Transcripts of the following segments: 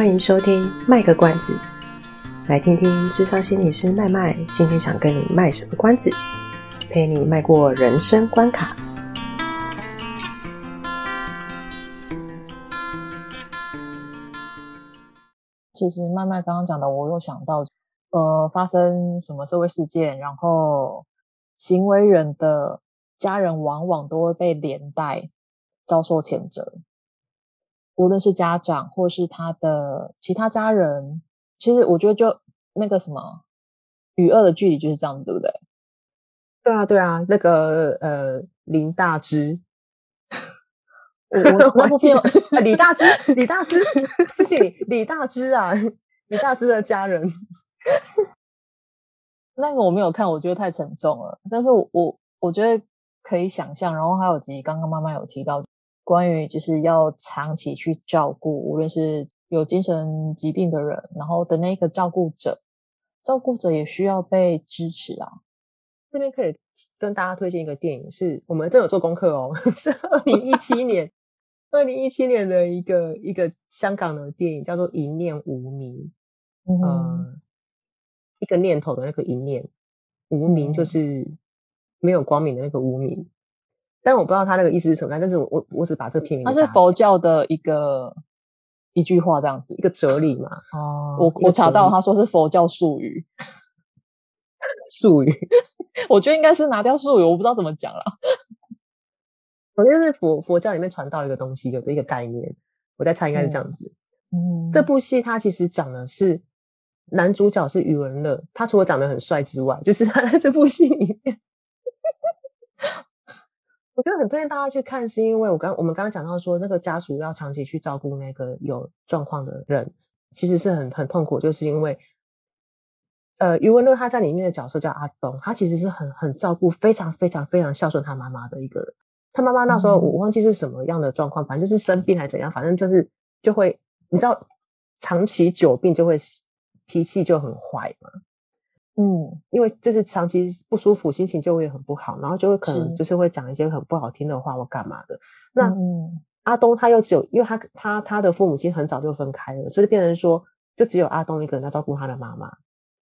歡迎收聽，麥個關子，來聽聽諮商心理師麥麥今天想跟你賣什麼關子，陪你邁過人生關卡。其實麥麥剛剛講的，我又想到，呃，發生什麼社會事件，然後行為人的家人往往都會被連帶遭受譴責。無論是家長，或是他的其他家人，其實我覺得就那個什麼與惡的距離就是這樣子，對不對？對啊，對啊，那個呃林大芝， 我我不是有 李大芝，李大芝，謝 謝你，李大芝啊，李大芝的家人， 那個我沒有看，我覺得太沉重了，但是我我，我覺得可以想象。然後還有，其實剛剛媽媽有提到。關於就是要長期去照顧，無論是有精神疾病的人，然後的那個照顧者，照顧者也需要被支持啊。這邊可以跟大家推薦一個電影，是我們這有做功課哦，是二零一七年，二零一七年的一個一個香港的電影，叫做《一念無明》。嗯、呃，一個念頭的那個一念無明，就是沒有光明的那個無明。但我不知道他那個意思是什麼，但是我我只把這個片名。嗯、他是佛教的一個一句話這樣子，一個哲理嘛。哦、我我查到他說是佛教術語，術 術語， 我覺得應該是拿掉術語，我不知道怎麼講了。反正就是佛佛教裡面傳到一個東西，有的一個概念，我在猜應該是這樣子。嗯嗯、這部戲它其實講的是男主角是余文樂，他除了長得很帥之外，就是他在這部戲裡面。 我覺得很推薦大家去看，是因為我剛我們剛剛講到說，那個家屬要長期去照顧那個有狀況的人，其實是很很痛苦，就是因為，呃，余文樂他在裡面的角色叫阿東，他其實是很很照顧、非常非常非常孝順他媽媽的一個人。他媽媽那時候我忘記是什麼樣的狀況，嗯、反正就是生病還是怎樣，反正就是就會你知道，長期久病就會脾氣就很壞嘛。嗯，因為就是長期不舒服，心情就會很不好，然後就會可能就是會講一些很不好聽的話或幹嘛的。那、嗯嗯、阿東他又只有，因為他他他的父母親很早就分開了，所以變成說就只有阿東一個人要照顧他的媽媽。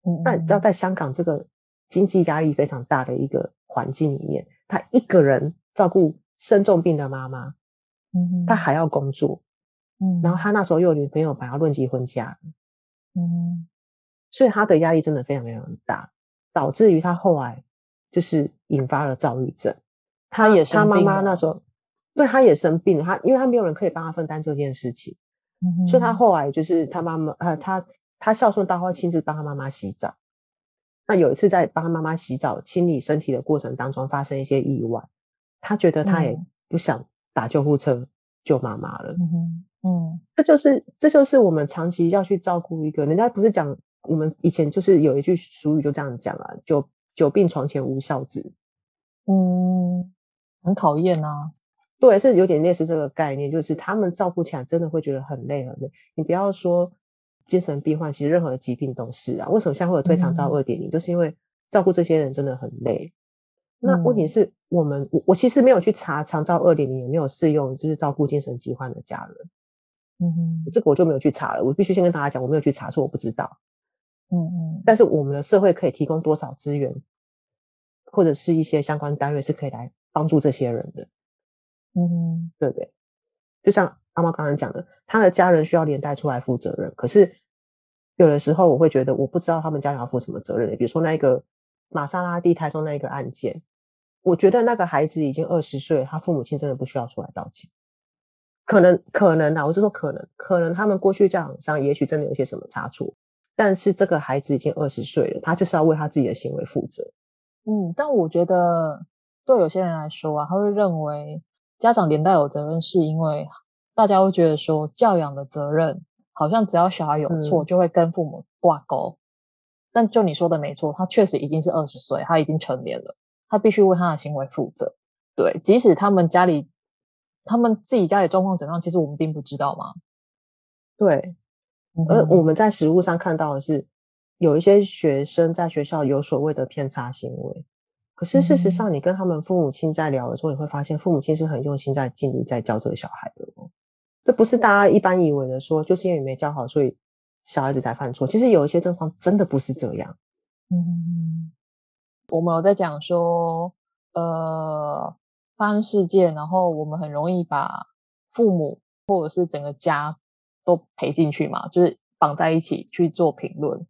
嗯、那你知道，在香港這個經濟壓力非常大的一個環境裡面，他一個人照顧生重病的媽媽，嗯嗯、他還要工作、嗯，然後他那時候又有女朋友，把他論及婚嫁，嗯嗯所以他的壓力真的非常非常大，導致於他後來就是引發了躁鬱症。他也、啊、他媽媽那時候，對、啊、他也生病，他因為他沒有人可以幫他分擔這件事情、嗯，所以他後來就是他媽媽呃，他他孝順到會親自幫他媽媽洗澡。那有一次在幫他媽媽洗澡、清理身體的過程當中，發生一些意外，他覺得他也不想打救護車救媽媽了。嗯哼、嗯，這就是這就是我們長期要去照顧一個，人家不是講。我們以前就是有一句俗語，就這樣講啊，久久病床前無孝子。嗯，很討厭啊。對，是有點類似這個概念，就是他們照顧起來真的會覺得很累很累。你不要說精神病患，其實任何的疾病都是啊。為什麼現在會有推長照二點零？就是因為照顧這些人真的很累。嗯。那問題是我們，我我其實沒有去查長照二點零有沒有適用，就是照顧精神疾患的家人。嗯哼，這個我就沒有去查了。我必須先跟大家講，我沒有去查，說我不知道。嗯嗯，但是我們的社會可以提供多少資源，或者是一些相關單位是可以來幫助這些人的。嗯，對不對？就像阿貓剛剛講的，他的家人需要連帶出來負責任。可是有的時候，我會覺得我不知道他們家長要負什麼責任。比如說那個瑪莎拉蒂台中那個案件，我覺得那個孩子已經二十歲，他父母親真的不需要出來道歉。可能可能啊，我是說可能可能他們過去家長上也許真的有些什麼差錯。但是這個孩子已經二十歲了，他就是要為他自己的行為負責。嗯，但我覺得對有些人來說啊，他會認為家長連帶有責任，是因為大家會覺得說教養的責任好像只要小孩有錯就會跟父母掛鈎。嗯。但就你說的沒錯，他確實已經是二十歲，他已經成年了，他必須為他的行為負責。對，即使他們家裡，他們自己家裡狀況怎樣，其實我們並不知道嗎？對。而我們在實務上看到的是，有一些學生在學校有所謂的偏差行為，可是事實上，你跟他們父母親在聊的時候，嗯、你會發現父母親是很用心在盡力在教這個小孩的，這不是大家一般以為的說，就是因為沒教好，所以小孩子才犯錯。其實有一些狀況真的不是這樣。嗯，我們有在講說，呃，發生事件，然後我們很容易把父母或者是整個家。都賠進去嘛，就是綁在一起去做評論。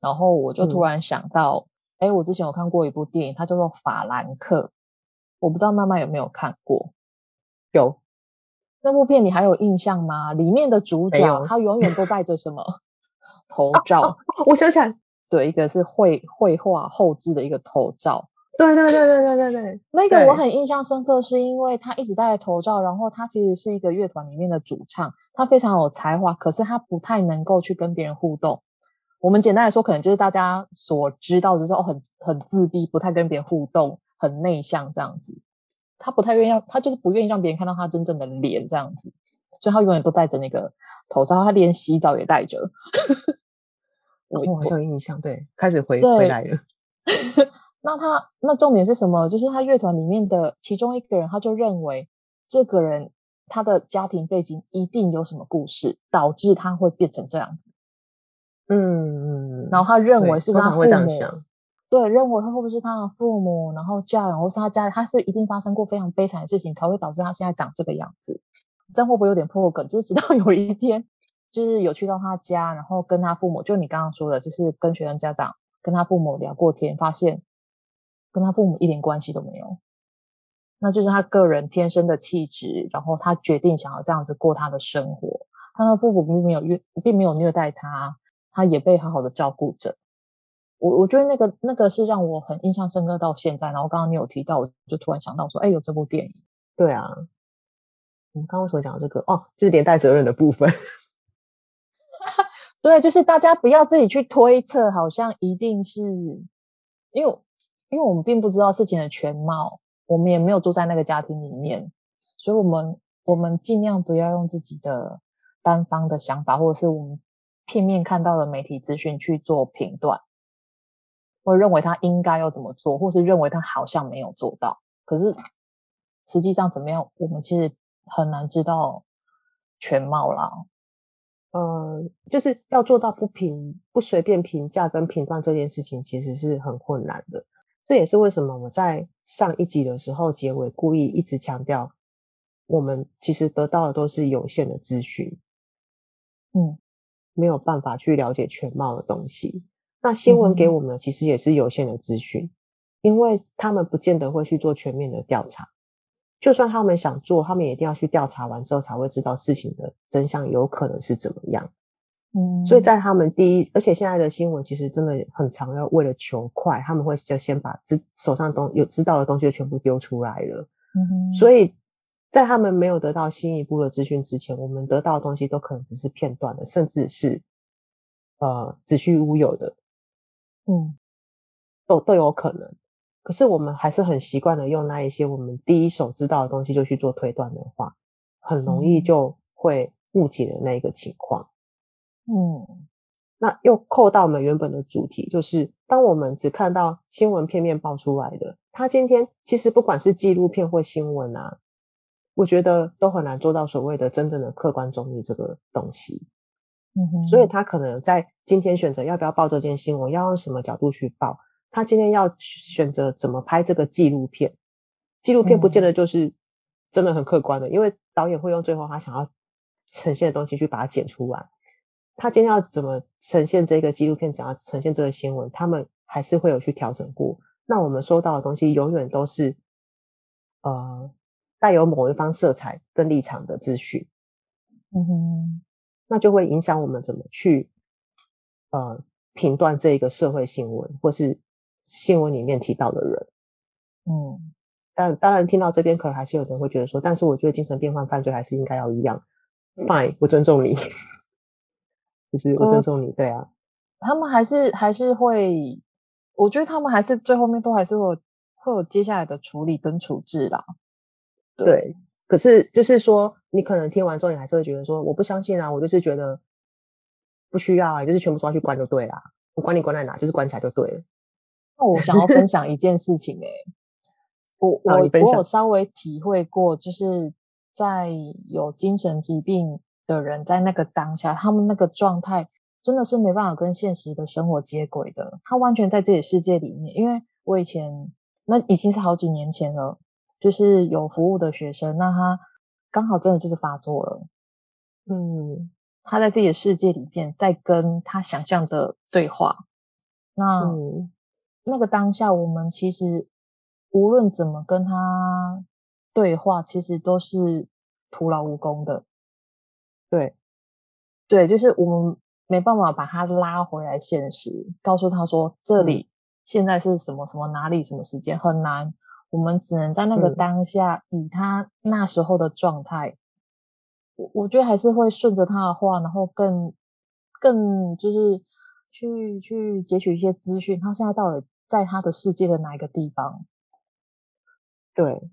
然後我就突然想到，哎、嗯欸，我之前有看過一部電影，它叫做《法蘭克》，我不知道媽媽有沒有看過。有。那部片你還有印象嗎？裡面的主角他永遠都戴着什麼 頭罩、啊啊？我想起來，對，一個是繪繪畫後製的一個頭罩。對 對對對對對對，那個我很印象深刻，是因為他一直戴着頭罩，然後他其實是一個樂團裡面的主唱，他非常有才華，可是他不太能夠去跟別人互動。我們簡單來說，可能就是大家所知道的就是哦，很很自閉，不太跟別人互動，很內向這樣子。他不太願意讓，他就是不願意讓別人看到他真正的臉這樣子，所以他永遠都戴着那個頭罩，他連洗澡也戴着。 我、哦、好像有印象，對，開始回回來了。 那他那重點是什麼？就是他樂團裡面的其中一個人，他就認為這個人他的家庭背景一定有什麼故事，導致他會變成這樣子。嗯嗯。然後他認為是不是他會這樣想？對，認為他會不會是他的父母，然後教養，或是他家裡，他是一定發生過非常悲慘的事情，才會導致他現在長這個樣子。這樣會不會有點破梗？就是直到有一天，就是有去到他家，然後跟他父母，就你剛剛說的，就是跟學生家長跟他父母聊過天，發現。跟他父母一點關係都沒有，那就是他個人天生的氣質，然後他決定想要這樣子過他的生活。他的父母並沒有虐，並沒有虐待他，他也被好好的照顧着。我我覺得那個那個是讓我很印象深刻到現在。然後剛剛你有提到，我就突然想到說，哎，有這部電影。對啊，我、嗯、們剛剛所講的這個？哦，就是連帶責任的部分。 對，就是大家不要自己去推測，好像一定是因為。因為我們並不知道事情的全貌，我們也沒有住在那個家庭裡面，所以，我們我們盡量不要用自己的單方的想法，或者是我們片面看到的媒體資訊去做評斷，或認為他應該要怎麼做，或是認為他好像沒有做到，可是實際上怎麼樣，我們其實很難知道全貌啦。嗯、呃，就是要做到不評、不隨便評價跟評斷這件事情，其實是很困難的。這也是為什麼我在上一集的時候結尾故意一直強調，我們其實得到的都是有限的資訊，嗯，沒有辦法去了解全貌的東西。那新聞給我們其實也是有限的資訊，嗯，因為他們不見得會去做全面的調查，就算他們想做，他們也一定要去調查完之後才會知道事情的真相有可能是怎麼樣。嗯，所以在他們第一，而且現在的新聞其實真的很常，要為了求快，他們會就先把知手上東有知道的東西就全部丟出來了。嗯哼，所以在他們沒有得到進一步的資訊之前，我們得到的東西都可能只是片段的，甚至是呃子虛烏有的。嗯，都都有可能。可是我們還是很習慣的用那一些我們第一手知道的東西就去做推斷的話，很容易就會誤解的那一個情況。嗯，那又扣到我們原本的主題，就是當我們只看到新聞片面爆出來的，他今天其實不管是紀錄片或新聞啊，我覺得都很難做到所謂的真正的客觀中立這個東西。嗯哼，所以他可能在今天選擇要不要報這件新聞，要用什麼角度去報，他今天要選擇怎麼拍這個紀錄片。紀錄片不見得就是真的很客觀的，嗯、因為導演會用最後他想要呈現的東西去把它剪出來。他今天要怎麼呈現這個紀錄片，想要呈現這個新聞，他們還是會有去調整過。那我們收到的東西永遠都是，呃，帶有某一方色彩跟立場的資訊，嗯哼，那就會影響我們怎麼去，呃，評斷這一個社會新聞或是新聞裡面提到的人。嗯，但當然聽到這邊，可能還是有人會覺得說，但是我覺得精神病患犯罪還是應該要一樣，嗯。Fine，我尊重你。就是我尊重你，呃，對啊。他們還是還是會，我覺得他們還是最後面都還是會有會有接下來的處理跟處置的。對，可是就是說，你可能聽完之後，你還是會覺得說，我不相信啊，我就是覺得不需要啊，就是全部抓去關就對啦，我管你關在哪，就是關起來就對了。那我想要分享一件事情誒，欸 ，我我我有稍微體會過，就是在有精神疾病。的人在那個當下，他們那個狀態真的是沒辦法跟現實的生活接軌的。他完全在自己的世界裡面。因為我以前那已經是好幾年前了，就是有服務的學生，那他剛好真的就是發作了。嗯，他在自己的世界裡面在跟他想象的對話。那，嗯，那個當下，我們其實無論怎麼跟他對話，其實都是徒勞無功的。對，對，就是我們沒辦法把他拉回來現實，告訴他說這裡現在是什麼什麼哪裡什麼時間，很難，我們只能在那個當下，嗯，以他那時候的狀態，我我覺得還是會順着他的話，然後更更就是去去截取一些資訊，他現在到底在他的世界的哪一個地方？對。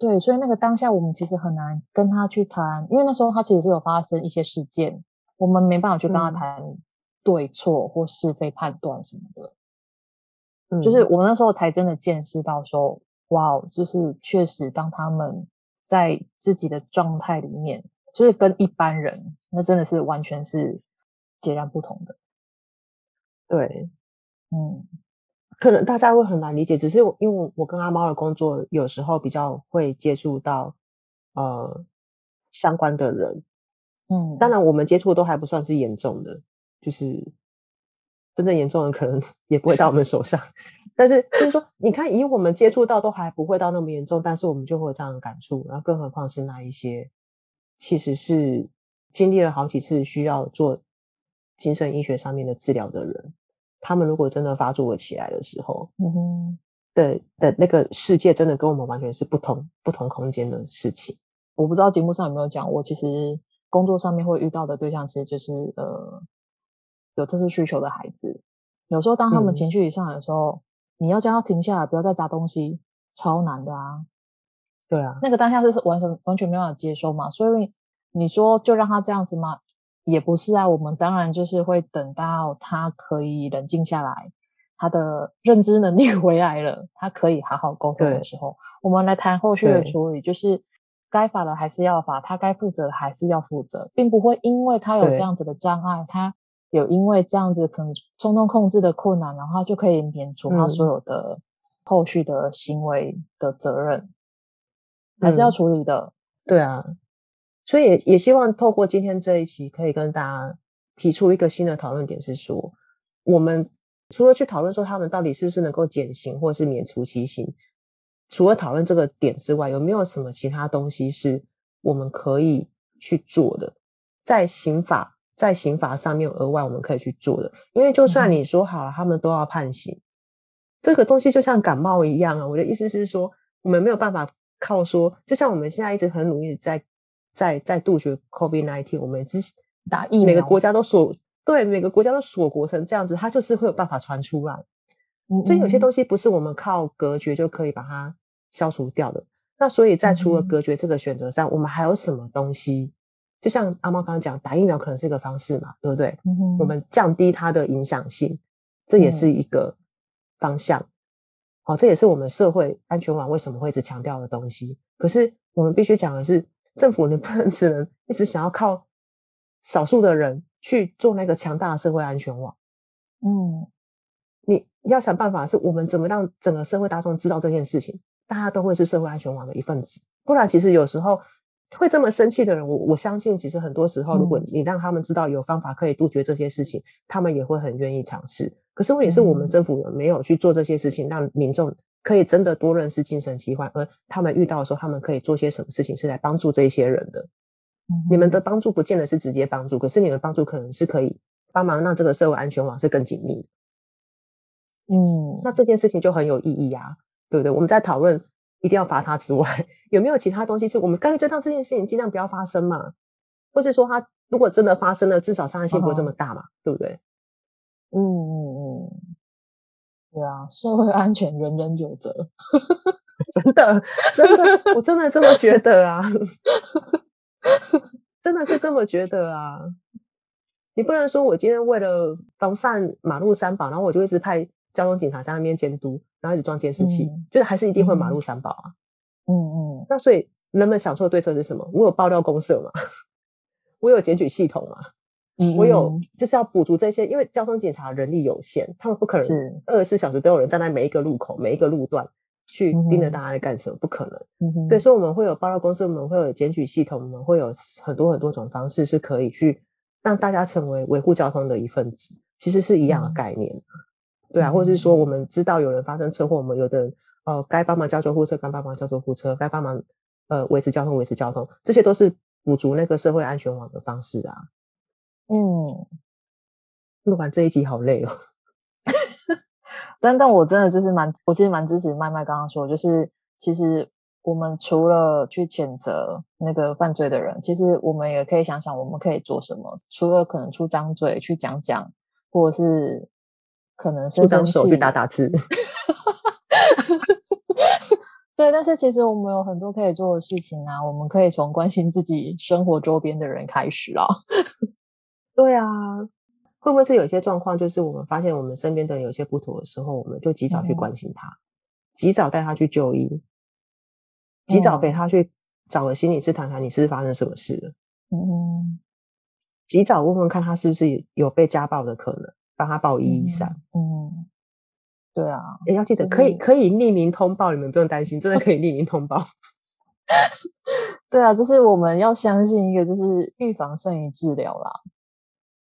對，所以那個當下我們其實很難跟他去談，因為那時候他其實是有發生一些事件，我們沒辦法去跟他談對錯或是非判斷什麼的。嗯，就是我那時候才真的見識到說，哇，就是確實當他們在自己的狀態裡面，就是跟一般人，那真的是完全是截然不同的。對，嗯。可能大家會很難理解，只是我因為我跟阿貓的工作有時候比較會接觸到呃相關的人，嗯，當然我們接觸都還不算是嚴重的，就是真正嚴重的可能也不會到我們手上， 但是就是說，你看以我們接觸到都還不會到那麼嚴重，但是我們就會有這樣的感觸，然後更何況是那一些其實是經歷了好幾次需要做精神醫學上面的治療的人。他們如果真的發作起來的時候，嗯哼的的那個世界真的跟我們完全是不同、不同空間的事情。我不知道節目上有沒有講，我其實工作上面會遇到的對象其實就是呃有特殊需求的孩子。有時候當他們情緒一上來的時候，嗯，你要叫他停下來，不要再砸東西，超難的啊！對啊，那個當下是完全完全沒有辦法接收嘛。所以你說就讓他這樣子嘛。也不是啊，我們當然就是會等到他可以冷靜下來，他的認知能力回來了，他可以好好溝通的時候，我們來談後續的處理。就是該罰的還是要罰，他該負責的還是要負責，並不會因為他有這樣子的障礙，他有因為這樣子可能衝動控制的困難，然後就可以免除他所有的後續的行為的責任，嗯、還是要處理的。對啊。所以也也希望透過今天這一期，可以跟大家提出一個新的討論點，是說我們除了去討論說他們到底是不是能夠減刑或是免除其刑，除了討論這個點之外，有沒有什麼其他東西是我們可以去做的，在刑法在刑法上面額外我們可以去做的，因為就算你說好了、嗯，他們都要判刑，這個東西就像感冒一樣啊。我的意思是說，我們沒有辦法靠說，就像我們現在一直很努力在。在在杜絕 COVID-19，我們也是打疫苗，每個國家都鎖，對每個國家都鎖國成這樣子，它就是會有辦法傳出來嗯嗯。所以有些東西不是我們靠隔絕就可以把它消除掉的。那所以在除了隔絕這個選擇上，嗯嗯我們還有什麼東西？就像阿貓剛剛講，打疫苗可能是一個方式嘛，對不對？嗯嗯我們降低它的影響性，這也是一個方向。好、嗯哦，這也是我們社會安全網為什麼會一直強調的東西。可是我們必須講的是。政府你不能只能一直想要靠少數的人去做那個強大的社會安全網，嗯，你要想辦法是我們怎麼讓整個社會大眾知道這件事情，大家都會是社會安全網的一份子。不然其實有時候會這麼生氣的人，我我相信其實很多時候，如果你讓他們知道有方法可以杜絕這些事情，他們也會很願意嘗試。可是問題是我們政府沒有去做這些事情，嗯、讓民眾。可以真的多認識精神疾患，而他們遇到的時候，他們可以做些什麼事情，是來幫助這些人的？嗯、你們的幫助不見得是直接幫助，可是你的幫助可能是可以幫忙讓這個社會安全網是更緊密。嗯，那這件事情就很有意義啊，對不對？我們在討論一定要罰他之外， 有沒有其他東西是我們乾脆就讓這件事情盡量不要發生嘛？或是說他如果真的發生了，至少傷害性不會這麼大嘛，哦，對不對？嗯嗯嗯。對啊，社會安全人人有責， 真的，真的，我真的這麼覺得啊， 真的是這麼覺得啊。你不能說我今天為了防範馬路三寶，然後我就一直派交通警察在那邊監督，然後一直裝監視器，嗯、就是還是一定會馬路三寶啊。嗯嗯，嗯，那所以人們想出的對策是什麼？我有爆料公社嘛，我有檢舉系統啊。我有就是要補足這些，因為交通警察人力有限，他們不可能二十四小時都有人站在每一個路口、每一個路段去盯着大家在幹什麼，嗯、不可能。嗯、對所以，我們會有爆料公社，我們會有檢舉系統，我們會有很多很多種方式是可以去讓大家成為維護交通的一份子，其實是一樣的概念。嗯、對啊，嗯、或者是說我們知道有人發生車禍，我們有的人呃該幫忙叫救護車該幫忙叫救護車，該幫忙呃維持交通維持交通，這些都是補足那個社會安全網的方式啊。嗯，錄完這一集好累哦。 但但我真的就是蠻，我其實蠻支持麥麥剛剛說，就是其實我們除了去譴責那個犯罪的人，其實我們也可以想想我們可以做什麼。除了可能出張嘴去講講，或者是可能伸出手去打打字。 對，但是其實我們有很多可以做的事情啊。我們可以從關心自己生活周邊的人開始啊。 對啊，會不會是有些狀況，就是我們發現我們身邊的人有些不妥的時候，我們就及早去關心他，嗯、及早帶他去就醫，嗯、及早給他去找個心理師談談，你是不是發生什麼事了？嗯，及早問問看他是不是有被家暴的可能，幫他報醫一一三、嗯。嗯，對啊，也、欸、要記得、就是、可以可以匿名通報，你們不用擔心，真的可以匿名通報。 對啊，就是我們要相信一個，就是預防勝於治療啦。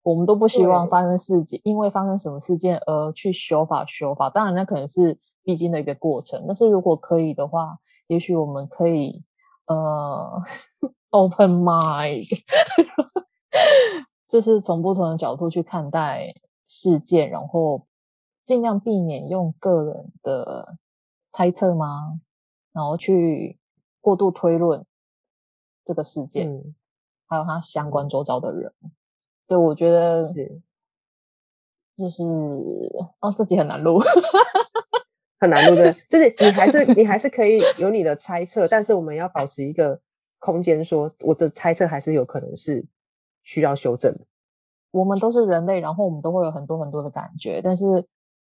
我們都不希望發生事件，因為發生什麼事件而去修法修法。當然，那可能是必經的一個過程。但是如果可以的話，也許我們可以呃 ，open mind，這 是從不同的角度去看待事件，然後盡量避免用個人的猜測嗎？然後去過度推論這個事件，嗯、還有他相關周遭的人。嗯對，我覺得就是，是哦，自己很難錄， 很難錄，對，就是你還是你還是可以有你的猜測， 但是我們要保持一個空間說，說我的猜測還是有可能是需要修正的。我們都是人類，然後我們都會有很多很多的感覺，但是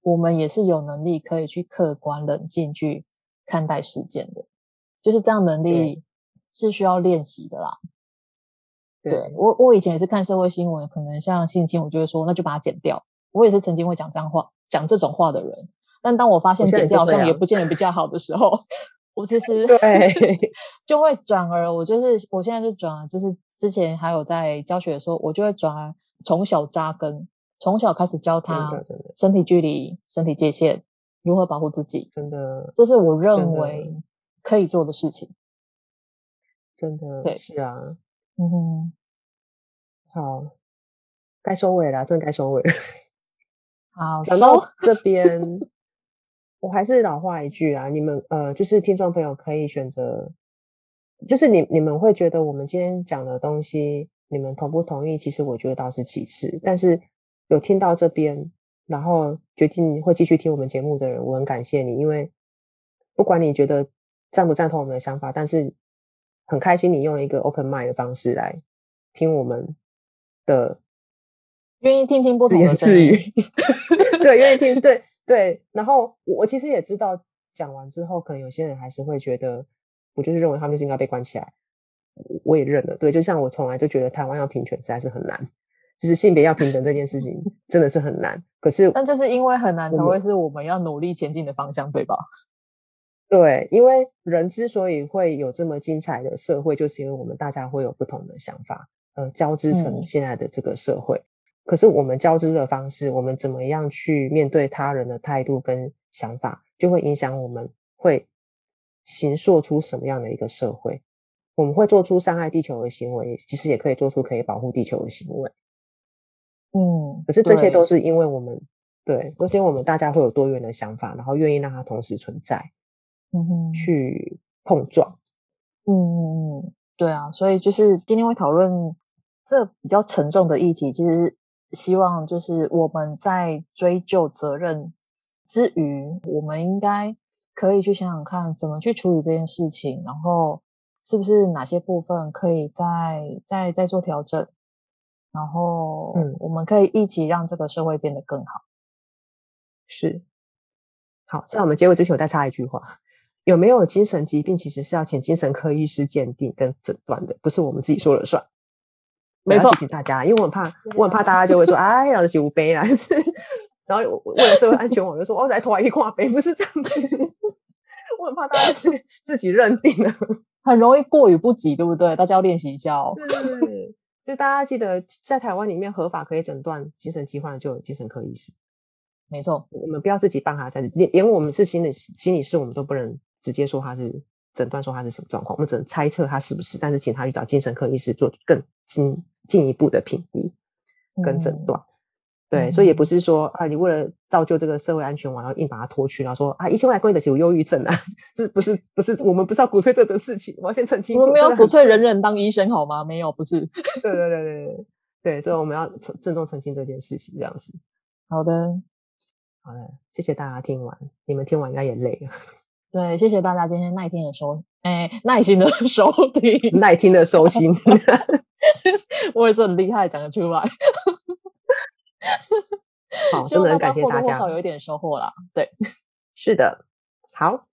我們也是有能力可以去客觀冷靜去看待事件的，就是這樣能力是需要練習的啦。對我，我以前也是看社會新聞，可能像性侵，我就會說那就把它剪掉。我也是曾經會講這樣話，講這種話的人。但當我發現剪掉好像也不見得比較好的時候，我, 我其實對 就會轉而，我就是我現在就轉而，就是之前還有在教學的時候，我就會轉而從小扎根，從小開始教他身體距離、身體界限如何保護自己。真的，這是我認為可以做的事情。真的，真的對，是啊。嗯哼，好，該收尾了，真的該收尾。好，然後這邊， 我還是老話一句啊，你們呃，就是聽眾朋友可以選擇，就是你你們會覺得我們今天講的東西，你們同不同意？其實我覺得倒是其次，但是有聽到這邊，然後決定會繼續聽我們節目的人，我很感謝你，因為不管你覺得贊不贊同我們的想法，但是。很開心你用了一個 open mind 的方式來聽我們的，願意聽聽不同的聲音， 對，願意聽，對對。然後我我其實也知道，講完之後可能有些人還是會覺得，我就是認為他們是應該被關起來。我也認了，對，就像我從來就覺得台灣要平權實在是很難，其實性別要平等這件事情真的是很難。 可是，那就是因為很難，才會是我們要努力前進的方向，對吧？嗯對，因為人之所以會有這麼精彩的社會，就是因為我們大家會有不同的想法，嗯、呃，交織成現在的這個社會、嗯。可是我們交織的方式，我們怎麼樣去面對他人的態度跟想法，就會影響我們會形塑出什麼樣的一個社會。我們會做出傷害地球的行為，其實也可以做出可以保護地球的行為。嗯，可是這些都是因為我們，對，對，都是因為我們大家會有多元的想法，然後願意讓它同時存在。嗯哼，去碰撞嗯、嗯嗯嗯，對啊，所以就是今天會討論這比較沉重的議題，其實希望就是我們在追究責任之餘，我們應該可以去想想看怎麼去處理這件事情，然後是不是哪些部分可以再再再做調整，然後嗯，我們可以一起讓這個社會變得更好。是，好，在我們結尾之前，我再插一句話。有沒有精神疾病，其實是要請精神科醫師鑑定跟診斷的，不是我們自己說了算。沒錯，提醒大家，因為我很怕，啊、我很怕大家就會說：“ 哎，要減肥悲啦！」然後為了社會安全，我就說：“ 哦、我再拖衣褲悲，不是這樣子。 我很怕大家自己認定了、啊，很容易過於不急，對不對？大家要練習一下哦。是， 就大家記得，在台灣裡面合法可以診斷精神疾患的，就有精神科醫師。沒錯，我們不要自己辦哈，這連連我們是心理心理師，我們都不能。直接說他是診斷，診斷說他是什麼狀況，我們只能猜測他是不是，但是請他去找精神科醫師做更進進一步的評估跟診斷，嗯。對、嗯，所以也不是說啊，你為了造就這個社會安全網，然後硬把他拖去，然後說啊，一千塊工起，有憂鬱症啊，這 不 是不是，不是我們不是要鼓吹這種事情，我要先澄清。我們沒有鼓吹人人當醫生好嗎？沒有，不是。 對對對對對對，所以我們要鄭重澄清這件事情，這樣子。好的，好的，謝謝大家聽完，你們聽完應該也累了。對，謝謝大家今天耐聽的收，哎，耐心的收聽，耐聽的收聽 我也是很厲害講得出來， 好，真的很感謝大家。希望大家或多或少有一點收穫啦，對，是的，好，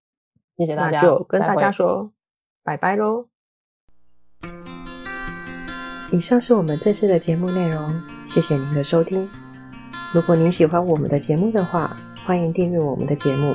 謝謝大家，就跟大家說拜拜嘍。以上是我們這次的節目內容，謝謝您的收聽。如果您喜歡我們的節目的話，歡迎訂閱我們的節目。